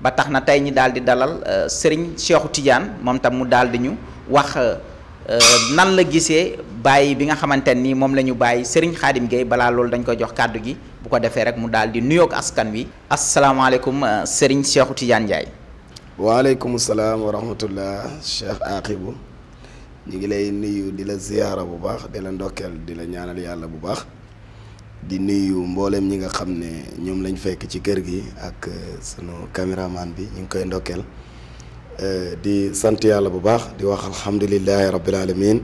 ba tax na tey ñi daal di dalal euh, Serigne Cheikhou Tidiane moom tam mu daal di ñu wax euh, euh, nan la gisee bàyyi bi nga xamante ni moom lañu bàyyi sëriñ Khadim Gueye balaa loolu dañ koy jox kàddu gi bu ko defee rek mu daal di nuyoog askan wi asalaamaaleykum Serigne Cheikhou Tidiane Ndiaye. waaleykum salaam wa rahmatullah Cheikh Aqibou ñu ngi lay nuyu di la ziyaara bu baax di la ndokkeel di la ñaanal yàlla bu baax. di nuyu mbollem ñi nga xamne ñom lañ fekk ci kër gi ak sunu caméraman bi ñu ngi koy ndokkeel di sant yàlla bu baax di wax alhamdulillahi rabbil alamin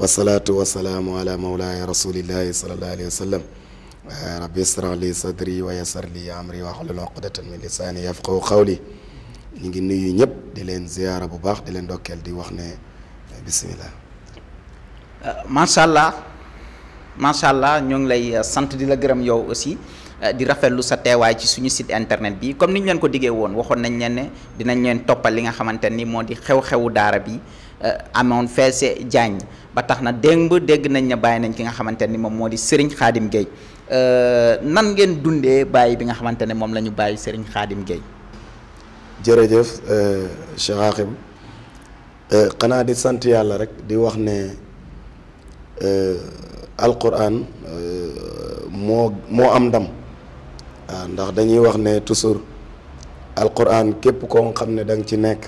wasalaatu wasalaamu ala mawlaaya rasulillah sallallahu alayhi wasallam rabbi ishrah li sadri wa yassir li amri wa wahlul uqdatan min lisani yafqahu qawli ñi ngi nuyu ñep di leen ziyara bu baax di leen ndokkeel di wax ne bismillah ma sha allah macha allah ñoo lay uh, sante di la gërëm yow aussi uh, di rafetlu sa téway ci suñu site internet bi comme niñ leen ko diggé won waxon nañ leen ne dinañ leen topal li nga xamanteni ni di xew-xewu daara bi amone fessé jaañ ba taxna na démb dégg nañ ña bay nañ ki nga xamanteni mom modi di Serigne Khadim euh nan ngeen dundé bay bi nga xamanteni mom lañu bay ñu bàyyi Serigne Khadim Gueye. jërëjëf uh, Cheikh Akhim xanaa di sante yalla rek di wax euh alquran euh, moo moo am ndam waaw ah, ndax dañuy wax ne toujours alquran képp koo xam ne da ci nekk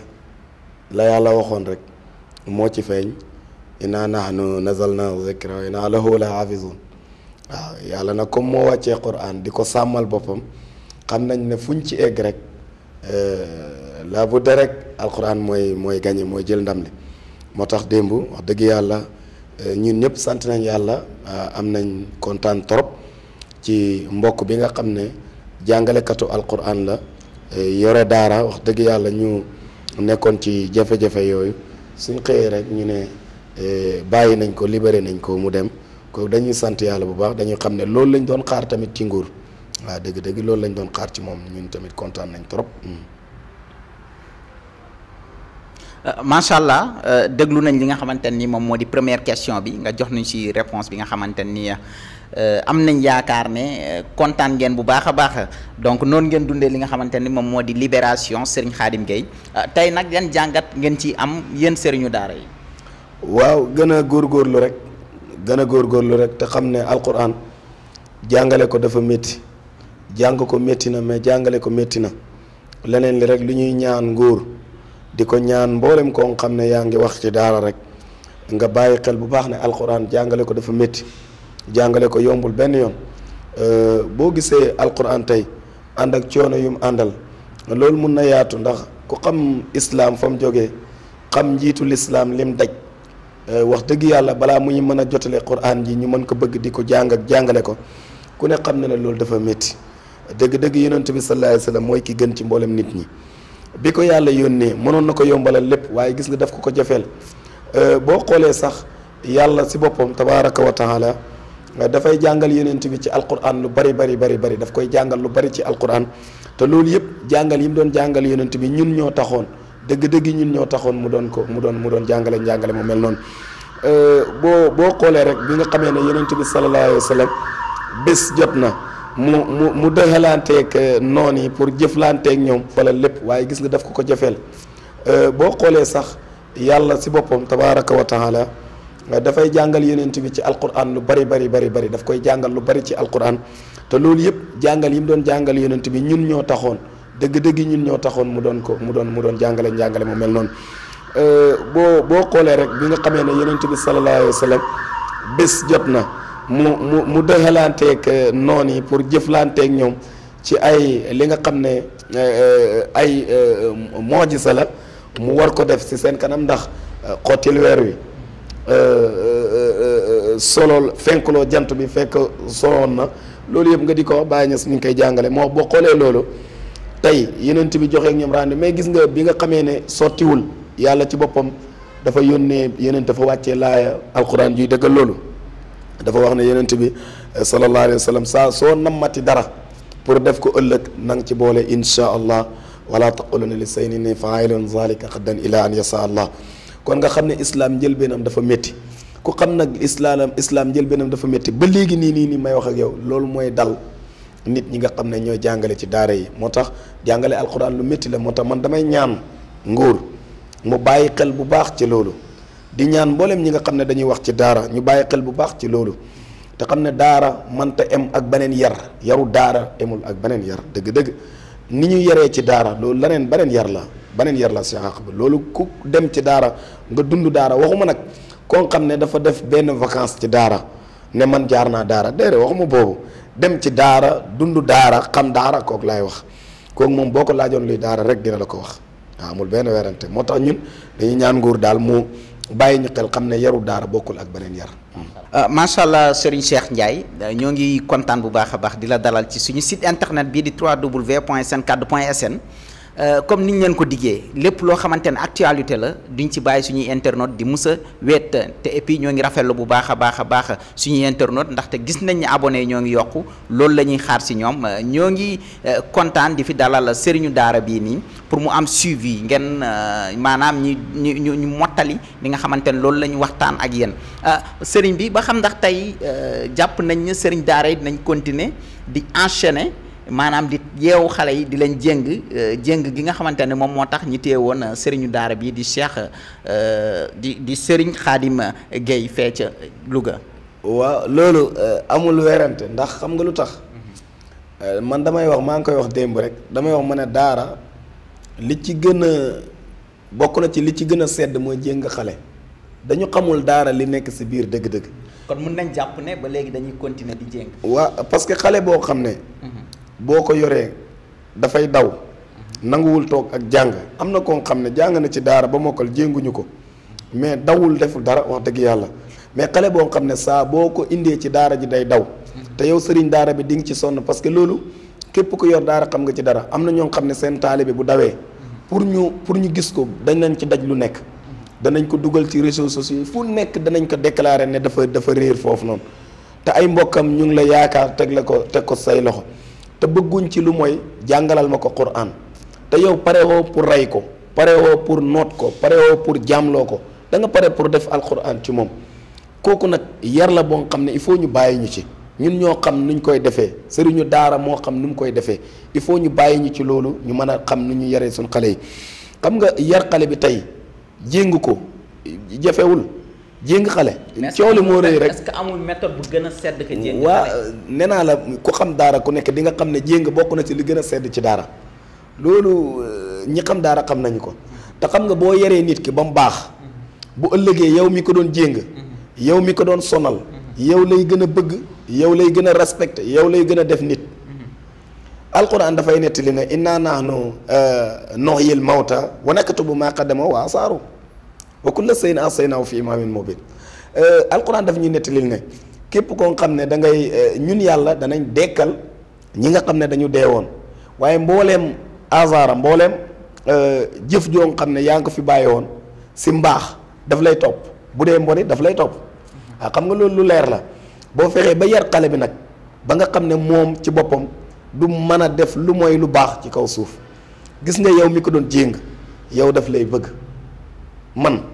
la yàlla waxoon rek moo ci feeñ inna nahnu nazalna zikra wa inna lahu la waaw ah, yàlla na comme moo wàccee quran di ko sàmmal boppam xam nañ ne fuñ ci egg rek euh, la bu de rek alquran mooy mooy gañe mooy jël ndam li moo tax démb wax dëgg yàlla Euh, ñun ñëpp sant nañ yàlla euh, am nañ kontaan trop ci mbokk bi nga xam ne jàngalekatu alquran la euh, yore daara wax dëgg yàlla ñu nekkoon ci jafe-jafe yooyu suñ xëyee rek ñu ne bàyyi nañ ko libéré nañ ko mu dem ko dañuy sant yàlla bu baax dañuy xam ne loolu lañ doon xaar tamit ci nguur waaw dëgg-dëgg loolu lañ doon xaar ci moom ñun tamit kontaan nañ trop. Hmm. Euh, macha allah euh, deglu nañ li nga xamanteni mom modi di première question bi nga jox nañ ci réponse bi nga xamanteni euh am nañ yaakar né contane euh, ngeen bu baaxa a baax donc non ngeen dundé li nga xamanteni mom modi libération Serigne Khadim gay tay nak yeen jangat ngeen ci am yen sëriñu daara yi. waaw gur gur lu rek gur gur lu rek té xamné ne jangalé ko dafa metti jang ko metti na mais jangalé ko metti na leneen li rek lu ñuy ñaan ngor di ko ñaan mboolem koo xam ne yaa ngi wax ci daara rek nga bàyyi xel bu baax ne alxuraan jàngale ko dafa métti jàngale ko yombul benn yoon euh, boo gisee alquran tey ànd ak coono yu mu àndal loolu mun na yaatu ndax ku xam islaam fa mu jógee xam njiitu lislaam li mu daj euh, wax dëgg yàlla balaa muy mën a jotale quran ji ñu mën ko bëgg di ko jàng jàngale ko ku ne xam na ne loolu dafa métti dëgg-dëgg yonent bi sallallahu alayhi wa sallam mooy ki gën ci mboolem nit ñi. bi ko yàlla yónnee mënoon na ko yombalal lépp waaye gis nga daf ko ko jafeel euh, boo xoolee sax yàlla si boppam tabaaraka wa taala euh, dafay jàngal yonent bi ci alquran lu bari bari bari bari daf koy jàngal lu bari ci alquran te loolu yëpp jàngal yi mu doon jàngal yonent bi ñun ñoo taxoon dëgg-dëgg ñun ñoo taxoon mu doon ko mu doon mu doon jàngale njàngale mu mel noonu euh, boo boo xoolee rek bi nga xamee ne yonent bi sallallahu alayhi wa sallam bés jot na. mu mu mu doxalanteeg euh, noon yi pour jëflanteeg ñoom wala lépp waaye gis nga daf ko ko jëfeel euh, boo xoolee sax yàlla si boppam tabaraka wa taala euh, dafay jàngal yonent bi ci alquran lu bari bari bari bari daf koy jàngal lu bari ci alquran te loolu yëpp jàngal yi mu doon jàngal yonent bi ñun ñoo taxoon dëgg-dëgg ñun ñoo taxoon mu doon ko mu doon mu doon jàngale njàngale mu mel noonu boo boo xoolee rek bi nga xamee ne yonent bi sallallahu alayhi wa sallam bés jot na mu mu mu dëxalanteeg euh, noon yi pour jëflanteeg ñoom ci ay li nga xam ne euh, ay euh, moojisa la mu war ko def ci seen kanam ndax xottil weer wi solo fenkuloo jant bi fekk soloon na loolu yëpp nga di ko wax bàyyi ñas koy jàngale moo boo xoolee loolu tey yenent bi joxeek ñoom rende mais gis nga bi nga xamee ne sottiwul yàlla ci boppam dafa yónnee yeneen dafa wàccee laaya alxuraan yuy dëggal loolu dafa wax ne yonent bi sallallahu alayhi wasallam sa so namati dara pour def ko euleuk nang ci bolé insha allah wala taquluna lisayni failun zalika xaddan ila an yasa allah kon nga xamne islam jël benam dafa métti ku xam nak islam islam jël benam dafa métti ba legi ni ni may wax ak yow lol moy dal nit ñi nga xamne ño jàngale ci daara yi motax jàngale alquran lu métti la motax man damay ñaan nguur mu bàyyi xel bu baax ci lolou di ñaan mboolem ñi nga xam ne dañuy wax ci daara ñu bàyyi xel bu baax ci loolu te xam ne daara mënta em ak beneen yar yaru daara emul ak beneen yar dëgg-dëgg ni ñu yaree ci daara loolu leneen beneen yar la beneen yar la si àq ba loolu ku dem ci daara nga dund daara waxuma nag koo xam ne dafa def benn vacance ci daara ne man jaar naa daara déedéet waxuma boobu dem ci daara dund daara xam daara kooku laay wax kook moom boo ko laajoon luy daara rek dina la ko wax amul benn werante moo tax ñun dañuy ñaan nguur daal mu. bàyyi ñu xel xam ne yaru daara bokkul ak beneen yar. Euh, macha allah Serigne Cheikh Ndiaye euh, ñoo ngi kontaan bu baax a baax di la dalal ci suñu site internet bii di 3w point seen kaddu point sn. Euh, comme niñ leen ko diggee lépp loo xamante ne actualité la duñ ci bàyyi suñuy internautes di musa wet te et ñoo ngi rafetlu bu baax a baax a baax suñuy internet ndaxte gis nañ ne abone yi ñoo ngi yokku loolu la ñuy xaar si ñoom euh, ñoo ngi euh, kontaan di fi dalal sëriñu daara bii nii pour mu am suivi ngeen maanaam ñi ñu ñu mottali li nga xamante ne loolu la ñu waxtaan ak yéen sëriñ bi ba xam ndax tey jàpp nañ ne sëriñ daara yi dinañ continuer di enchaîner. maanaam di yeewu xale yi di leen jéng euh, jéng gi nga xamante ne moom moo tax ñi téye woon euh, sëriñu daara bi di Cheikh euh, di di sëriñ Xaadim Guèye fee ca Louga. waaw loolu amul werante ndax xam nga lu tax man damay wax maa ngi koy wax démb rek damay wax ma ne daara li ci gën a bokk na ci li ci gën a sedd mooy jéng xale dañu xamul daara li nekk si biir dëgg-dëgg. kon mën nañ jàpp ne ba léegi dañuy continuer di jéng. waaw parce que xale boo xam ne. Mhm. boo ko yoree dafay daw nanguwul toog ak jàng am na koo xam ne jàng na ci daara ba mokkal jénguñu ko mais dawul deful dara wax dëgg yàlla mais xale boo xam ne saa boo ko indee ci daara ji day daw te yow sëriñ daara bi di nga ci sonn parce que loolu képp ku yor daara xam nga ci dara am na ñoo xam ne seen taalibe bu dawee pour ñu pour ñu gis ko dañ leen ci daj lu nekk danañ ko dugal ci réseaux sociaux yi fu nekk danañ ko déclarer ne dafa dafa réer foofu noonu te ay mbokkam ñu ngi la yaakaar teg ko teg ko say loxo te bëgguñ ci lu mooy jàngalal ma ko Qur'an te yow pare woo pour rey ko parewoo pour noot ko pare pour jaamloo ko da nga pare pour def Alqur'an ci moom kooku nag yar la boo xam ne il faut ñu bàyyi ñu ci ñun ñoo xam nuñ koy defee sëriñu daara moo xam nu mu koy defee il faut ñu bàyyi ñu ci loolu ñu mën a xam nu ñu yaree suñ xale yi xam nga yar xale bi tey jéng ko jafewul. jéng xale. coow li moo rëy rek est-ce que gën a sedd que jéng waa nee naa la ku xam daara ku nekk dinga xam ne jéng bokk na ci li gën a sedd ci daara loolu euh, ñi xam daara xam nañu ko te xam nga boo yaree nit ki ba mu baax bu ëllëgee yow mi ko doon jéng yow mi ko doon sonal yow lay gën a bëgg yow lay gën a respecté yow lay gën a def nit alquran dafay nettali ne innaa nahnu euh, nuhyil mawta bu naktubu maa qaddama wa asaaru wa kulla sayin ahsaynaahu fi imaamin mubin euh, alquran daf ñuy nettalil ne képp koo xam ne dangay euh, ñun yàlla danañ dekkal ñi nga xam ne dañu woon waaye mbooleem azara mbooleem euh, jëf joo xam ne yaa ngi ko fi bàyyi woon si mbaax daf lay topp bu dee mboni daf lay topp waaw ah, xam nga loolu lu leer la boo fexee ba yar xale bi nag ba nga xam ne moom ci boppam du mën a def lu mooy lu baax ci kaw suuf gis nga yow mi ko doon jéng yow daf lay bëgg man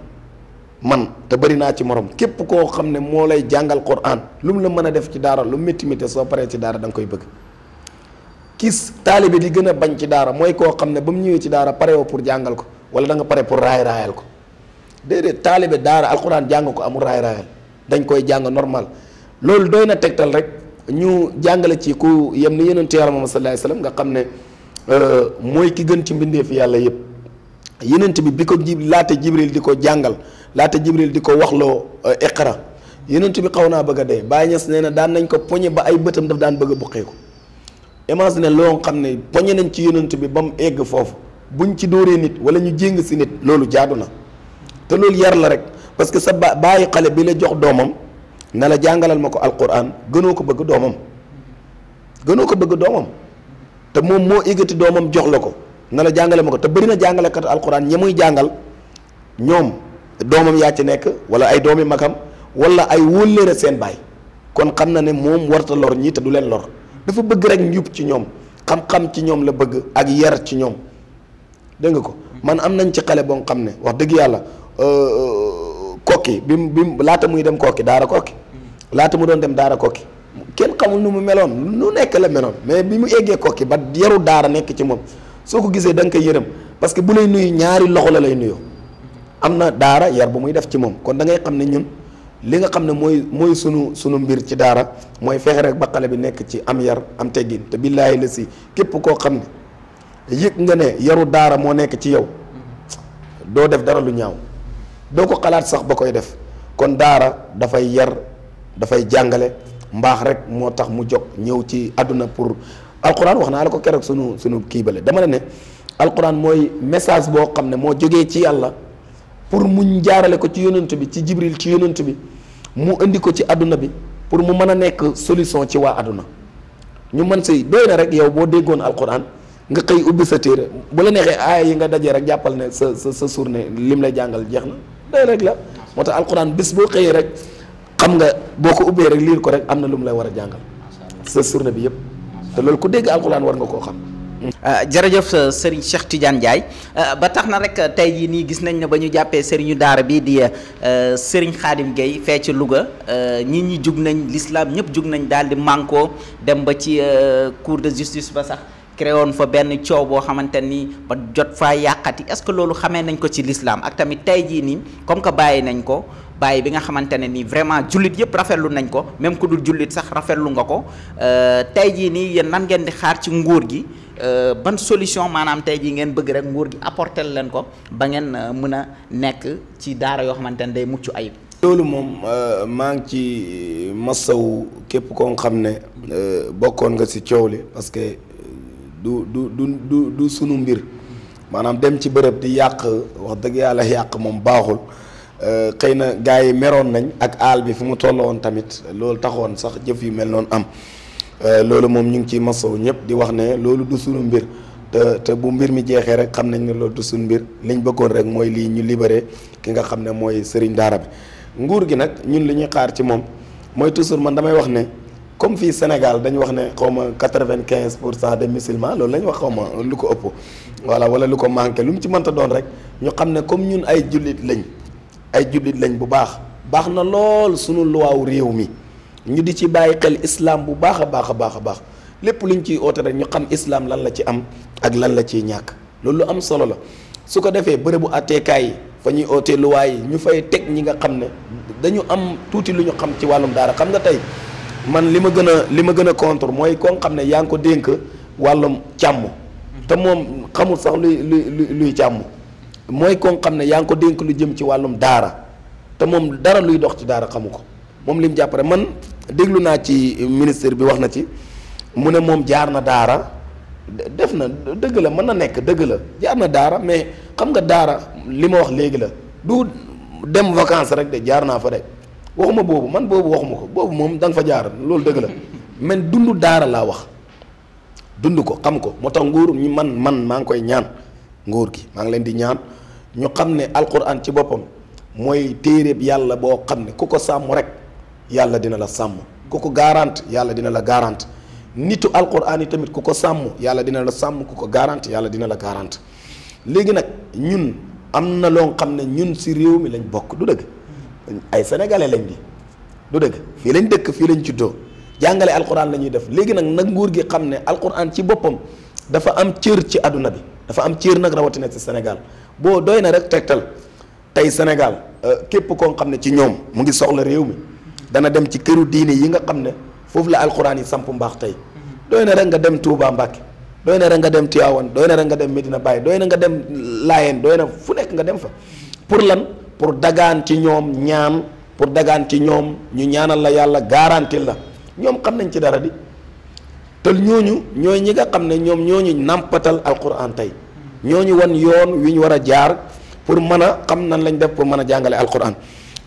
man te bari naa ci morom képp koo xam ne moo lay jàngal Qur'an lu mu la mën a def ci daara lu métti métti soo paree ci daara danga koy bëgg kis taalibe di gën a bañ ci daara mooy koo xam ne ba mu ñëwee ci daara pare pour jàngal ko wala danga pare pour raay raayal ko déedéet taalibe daara alxuraan jàng ko amul raay raayal dañ koy jàng normal loolu doy na tegtal rek ñu jàngale ci ku yem ni yonent Yàlla Muhammad sallallahu alayhi wasallam nga xam ne euh, mooy ki gën ci mbindeef yàlla yëpp. yenent bi bi ko ji laate jibril di ko jàngal laata jibril di ko wax loo euh, iqra yenent bi xaw naa bëgg a dee Baye Niass nee na daan nañ ko poñe ba ay bëtam daf daan bëgg a buqeeku imagine loo xam ne poñe nañ ci yenent bi ba mu egg foofu buñ ci dóoree nit wala ñu jéng si nit loolu jaadu na te loolu yar la rek parce que sa ba bàyyi xale bi la jox doomam na la jàngalal ma ko alquran gënoo ko bëgg doomam gënoo ko bëgg doomam te moom moo eggati doomam jox la ko na la jàngale ma ko te bari na jàngalekat alquran ñi muy jàngal ñoom doomam yaa ci nekk wala ay doomi magam wala ay wóllëre seen baay kon xam na ne moom warta lor ñi te du leen lor dafa bëgg rek njub ci ñoom xam-xam ci ñoom la bëgg ak yar ci ñoom dégg nga ko man am nañ ci xale boo xam ne wax dëgg yàlla euh, euh, kokki bi mu bi mu laata muy dem kokki daara kokki laata mu doon dem daara kokki kenn xamul nu mu meloon nu nekk la meloon mais bi mu eggee kokki ba yaru daara nekk ci moom soo ko gisee da nga koy yërëm parce que bu lay nuyu ñaari loxo la lay nuyoo am na daara yar bu muy def ci moom kon da ngay xam ne ñun li nga xam ne mooy mooy sunu sunu mbir ci daara mooy fexe rek ba xale bi nekk ci am yar am teggin te billaahi la si képp koo xam ne yëg nga ne yaru daara moo nekk ci yow doo def dara lu ñaaw doo ko xalaat sax ba koy def kon daara dafay yar dafay jàngale mbaax rek moo tax mu jóg ñëw ci àdduna pour alquran wax naa la ko keroog sunu sunu kii bale dama la ne alquran mooy message boo xam ne moo jógee ci yàlla pour mu jaarale ko ci yonent bi ci jibril ci yonent bi mu indi ko ci àdduna bi pour mu mën a nekk solution ci waa àdduna ñu mën si doy na rek yow boo déggoon alquran nga xëy ubbi sa téere bu la neexee aaya yi nga dajee rek jàppal ne sa sa sa journée lim lay jàngal jeex na doy rek la moo tax alquran bés boo xëyee rek xam nga boo ko ubbee rek liir ko rek am na lu lay war a jàngal sa journée bi yëpp loolu ku dégg alxuraan war nga koo xam. Euh, jërëjëf euh, Serigne Cheikh Tidiane Ndiaye euh, ba tax na rek tey jii nii gis nañ ne ba ñu jàppee Serigne daara bi di Serigne Khadim Gueye fee ci Louga ñi ñi jug nañ lislaam ñëpp jug nañ daal di mànkoo dem ba ci cour de justice ba sax créé woon fa benn coow boo xamante ni ba jot faa yàqati est-ce que loolu xamee nañ ko ci l'islam ak tamit tey jii nii comme que bàyyi nañ ko. baye bi nga xamantene ni vraiment julit yep rafetlu nañ ko même ku dul julit sax rafetlu nga ko euh, tay ji ni yeen nan ngeen di xaar ci nguur gi euh, ban solution manam tay ji ngeen bëgg rek nguur gi apporter leen ko ba ngeen euh, mëna a nekk ci daara yo xamantene day muccu ayib. loolu moom maa ngi ci massaw kep ko xamne euh bokkoon nga si ciowli parce que du du du du du sunu mbir manam dem ci bërepp di yaq wax deug yalla yaq mom baaxul. Euh, xëy na gars yi meroon nañ ak aal bi fi mu toll woon tamit loolu taxoon sax jëf yu mel noonu am euh, loolu moom ñu ngi ciy masaw ñëpp di wax ne loolu du sunu mbir te te bu mbir mi jeexee rek xam nañ ne loolu du sunu mbir liñ bëggoon rek mooy lii ñu libéré ki nga xam ne mooy sëriñ daara bi nguur gi nag ñun li ñuy xaar ci moom mooy toujours man damay wax ne comme fii Sénégal dañu wax ne xaw ma quatre-vingt-quinze pour cent de musulmans loolu la ñu wax xaw ma lu ko ëpp voilà wala lu ko manqué lu mu ci manta doon rek ñu xam ne comme ñun ay jullit lañ ay jullit lañ bu baax baax na lool sunu luwaaw réew mi ñu di ci bàyyi xel islaam bu baax a baax a baax a baax lépp luñ ciy oote rek ñu xam islaam lan la ci am ak lan la ciy ñàkk loolu lu am solo la su ko defee bërëbu àtteekaay yi fa ñuy ootee luwaa yi ñu fay teg ñi nga xam ne dañu am tuuti lu ñu xam ci wàllum daara xam nga tey man li ma gën a li ma gën a contre mooy koo xam ne yaa ngi ko dénk wàllum càmm te moom xamul sax luy luy luy càmm mooy ko xam ne yaa ngi ko dénk lu jëm ci wàllum daara te moom dara luy dox ci daara xamu ko moom li mu man déglu naa ci ministre bi wax na ci mu ne moom jaar na daara def na dëgg la mën na nekk dëgg la jaar na daara mais xam nga daara li ma wax léegi la du dem vacances rek de jaar naa fa de waxuma boobu man boobu waxuma ko boobu moom da nga fa jaar loolu dëgg la man dund daara laa wax dund ko xam ko moo tax nguur man man maa ngi koy ñaan. nguur gi maa ngi leen di ñaan ñu xam ne alquran ci boppam mooy téere yàlla boo xam ne ku ko sàmm rek yàlla dina la sàmm ku ko garante yàlla dina la garante nitu alquran yi tamit ku ko sàmm yàlla dina la sàmm ku ko garante yàlla dina la garante léegi nag ñun am na loo xam ne ñun si réew mi lañ bokk du dëgg ay sénégalais lañ di du dëgg fii lañ dëkk fii lañ juddoo jàngale alquran la ñuy def léegi nag nag nguur gi xam ne alquran ci boppam dafa am cër ci àdduna bi dafa am ciir nag rawatina ci Sénégal boo doy na rek tegtal tey Sénégal euh, képp koo xam ne ci ñoom mu ngi soxla réew mi dana dem ci këru diine yi nga xam ne foofu la alxuraan yi samp mbaax tey doy na rek nga dem Touba Mbacke doy na rek nga dem Tivaouane doy na rek nga dem Medina Baye doy na nga dem Layeen doy na fu nekk nga dem fa pour lan pour dagaan ci ñoom ñaan pour dagaan ci ñoom ñu ñaanal la yàlla garantil la ñoom xam nañ ci dara di te ñooñu ñoy ñi nga xamne ne ñooñu nampatal alquran tay ñooñu won yoon wiñ wara jaar pour mëna xam nan lañ def pour mëna a alquran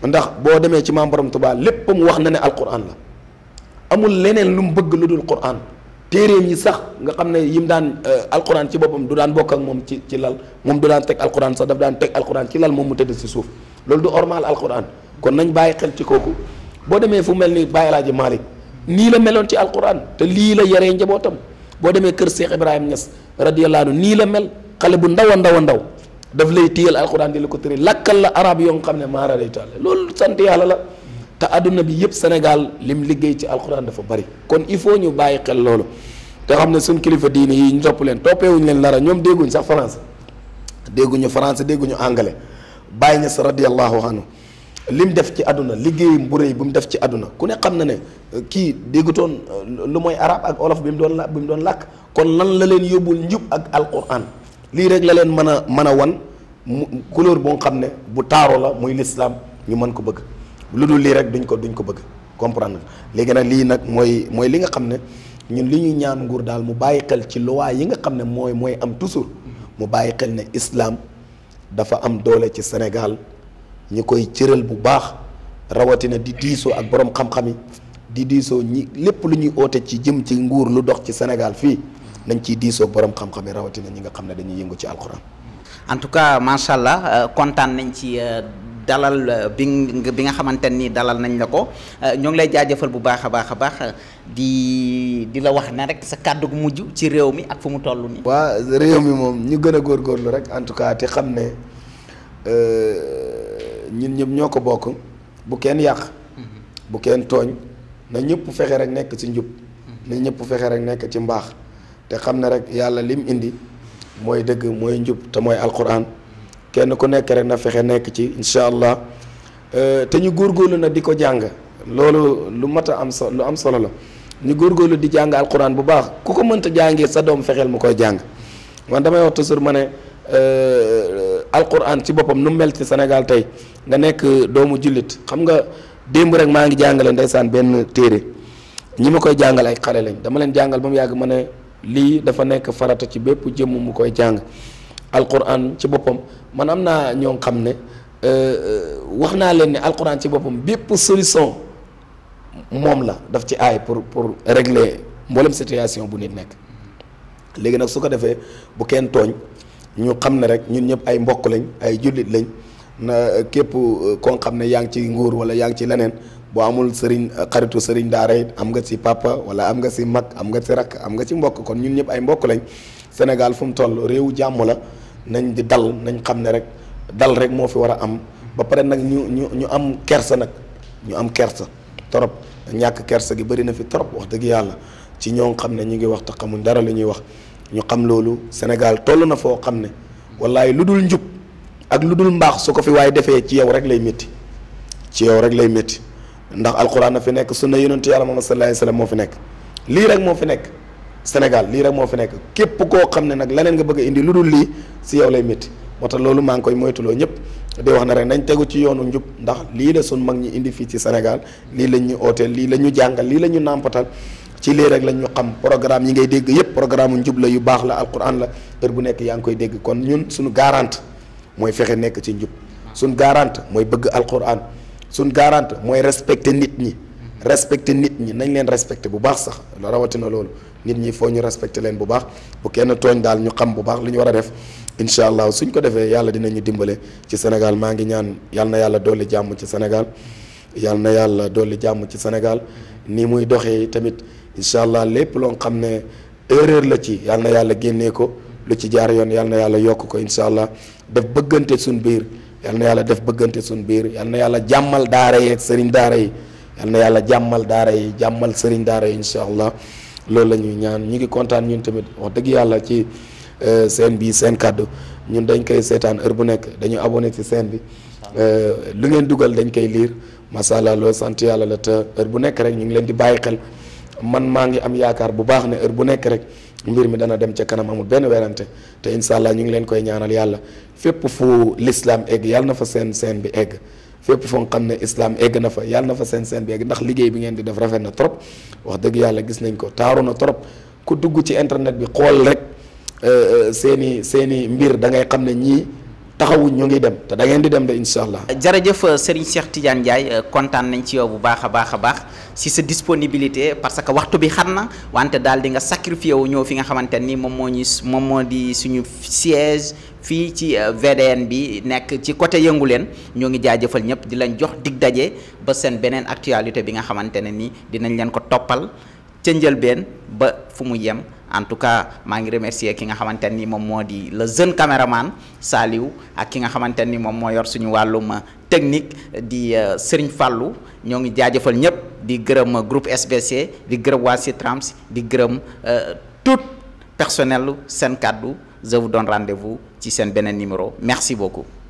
ndax bo démé ci mam borom tuba lépp mu wax na né alquran la amul leneen lu mu bëgg lu dul quran téeréem yi sax nga xamne ne yim daan euh, alquran ci bopam du daan bok ak mom ci ci lal mom du daan tek alquran sax daf daan tek alquran ci lal mom mu tedd ci suuf loolu du normal alquran kon nañ bayyi xel ci koku bo démé fu melni ni laaji malik nii la meloon ci alquran te lii la yaree njabootam boo demee kër Cheikh Ibrahima Niass radiyallahu anhu nii la mel xale bu ndaw a ndaw a ndaw daf lay téyal alquran di la ko tëri lakkal la arab yoo nga xam ne maara day taale loolu sant yàlla la te àdduna bi yëpp Sénégal lim liggéey ci alquran dafa bari kon il faut ñu bàyyi xel loolu te xam ne suñ kilifa diine yi ñu leen toppeewuñu leen dara ñoom dégguñ sax français dégguñu français dégguñu anglais bàyyi ñas radiyallahu anhu lim def ci àdduna liggéeyam bu rëy bu mu def ci àdduna ku ne xam na ne euh, kii déggutoon euh, lu mooy arab ak olof bi mu doon la bi mu doon làkk kon lan la leen yóbbul njub ak alquran lii rek la leen mën a mën a wan mu couleur boo xam ne bu taaro la muy lislaam ñu mën ko bëgg lu dul lii rek duñ ko duñ ko bëgg comprendre léegi nag lii nag mooy mooy li nga xam ne ñun li ñuy ñaan nguur daal mu bàyyi xel ci loi yi nga xam ne mooy mooy am toujours mu bàyyi xel ne islam dafa am doole ci Sénégal ñu koy cëral bu baax rawatina di diisoo ak borom xam-xam yi di diisoo ñi lépp lu ñuy oote ci jëm ci nguur lu dox ci Sénégal fii nañ ciy diisoo borom xam-xam yi rawatina ñi nga xam ne dañuy yëngu ci alxuraan. en tout cas macha allah euh, kontaan nañ ci. Euh, dalal euh, bi nga xamante nii dalal nañ la ko ñoo ngi lay jaajëfal bu baax a baax a baax di di la wax na rek sa kàddu gu mujj ci réew mi ak fu mu toll nii. waa réew mi moom ñu gën a góorgóorlu rek en tout cas te xam ne. ñun ñëpp ñoo ko bokk bu kenn yàq mhm. bu kenn tooñ na ñëpp fexe rek nekk ci njub mhm. na ñëpp fexe rek nekk ci mbaax te xam na rek yàlla lim indi mooy dëgg mooy njub te mooy alquran kenn ku nekk rek na fexe nekk ci incha allah euh, te ñu góor góorlu na di ko jàng loolu lu mat a am so lu am solo la ñu góor góorlu di jàng alquran bu baax ku ko mënta jàngee sa doom fexeel mu koy jàng man damay wax toujours alquran ci boppam nu mel ci Sénégal tey nga nekk doomu jullit xam nga démb rek maa ngi jàngale ndeysaan benn téere ñi ma koy jàngal ay xale lañ dama leen jàngal ba mu yàgg ma ne lii dafa nekk farata ci bépp jëmm mu koy jàng alquran ci boppam man am naa ñoo xam ne euh, euh, wax naa leen ne alquran ci boppam bépp solution moom la daf ci aay pour pour régler mboolem situation bu nit nekk léegi nag su ko defee bu kenn tooñ ñu xam ne rek ñun ñëpp ay mbokk lañ ay jullit lañ na képp euh, koo xam ne yaa ngi ci nguur wala yaa ngi ci leneen boo amul sëriñ euh, xaritu sëriñ daara it am nga ci papa wala am nga ci mag am nga ci rakk am nga ci mbokk kon ñun ñëpp ay mbokk lañ Sénégal fu mu toll réewu jàmm la nañ di dal nañ xam ne rek dal rek moo fi war a am ba pare nag ñu ñu ñu am kersa nag ñu am kersa trop ñàkk kersa gi bëri na fi trop wax dëgg yàlla ci ñoo xam ne ñu ngi wax te xamuñ dara li ñuy wax ñu xam loolu Sénégal toll na foo xam ne wallaay lu dul njub ak lu dul mbaax su ko fi waaye defee ci yow rek lay métti ci yow rek lay métti ndax alxuraan na fi nekk sunna yonent yàlla Muhammad sallallahu alayhi wasallam moo fi nekk lii rek moo fi nekk Sénégal lii rek moo fi nekk képp koo xam ne nag leneen nga bëgg a indi lu dul lii si yow lay métti moo tax loolu maa ngi koy moytuloo ñëpp di wax na rek nañ tegu ci yoonu njub ndax lii la sun mag ñi indi fii ci Sénégal lii lañ ñu ooteel lii la ñu jàngal lii la ñu nàmpatal ci lii rek lañ ñu xam programme yi ngay dégg yëpp programme njub la yu baax la alquran la heure bu nekk yaa ngi koy dégg kon ñun suñu garante mooy fexe nekk ci njub suñ garante mooy bëgg alquran suñ garante mooy respecter nit ñi respecter nit ñi nañ leen respecter bu baax sax rawatina loolu nit ñi foo ñu respecter leen bu baax bu kenn tooñ daal ñu xam bu baax li ñu war a def incha allah suñ ko defee yàlla dinañu dimbale ci Sénégal maa ngi ñaan yàlla na yàlla dolli jàmm ci Sénégal yàlla na yàlla dolli jàmm ci Sénégal ni muy tamit. incha allah lépp loo xam ne erreur la ci yal na yàlla génnee ko lu ci jaar yoon yàlla na yàlla yokk ko incha allah def bëggante suñu biir yal yàlla def bëggante suñu biir yal yàlla jàmmal daara yi ak sëriñ daara yi yal na yàlla jàmmal daara yi jàmmal sëriñ daara yi incha allah loolu la ñuy ñaan ñu ngi kontaan ñun tamit wax dëgg yàlla ci euh, seen bi seen kàddu ñun dañ koy seetaan heure bu nekk dañu abone ci seen bi euh, lu ngeen dugal dañ koy liir macha allah loolu sant yàlla la te bu nekk rek ñu ngi leen di bàyyi xel. man maa ngi am yaakaar bu baax ne heure bu nekk rek mbir mi dana dem ca kanam amul benn werante te incha allah ñu ngi leen koy ñaanal yàlla fépp fu lislaam egg yàlla na fa seen seen bi egg fépp foo xam ne islam egg na fa yàlla na seen seen bi ndax liggéey bi ngeen di def rafet na trop wax dëgg yàlla gis nañ ko taaru na trop ku dugg ci internet bi xool rek euh, euh, seeni seeni mbir da ngay xam ne ñii. taxawuñ ñoo ngi dem te da di dem de incha allah. jërëjëf euh, Serigne Cheikh Tidiane Ndiaye euh, kontaan nañ ci yow bu baax a baax a baax si sa disponibilité parce que waxtu bi xat na wante daal di nga sacrifié wu ñëw fi nga xamante ni moom moo ñu moom moo di suñu siège fii ci euh, VDN bi nekk ci côté yëngu leen ñoo ngi jaajëfal ñëpp di leen jox dig daje ba seen beneen actualité bi nga xamante ne nii dinañ leen ko toppal. ca njëlbeen ba fu mu yem en tout cas maa ngi remercier ki nga xamante ni moom moo di le jeune caméraman Saliou ak ki nga xamante ni moom moo yor suñu wàllu wàllum technique di euh, Serigne fàllu ñoo ngi jaajëfal ñëpp di gërëm groupe SBC di gërëm waa Citrams di gërëm euh, tout personnel seen kàddu je vous donne ci seen beneen numéro merci beaucoup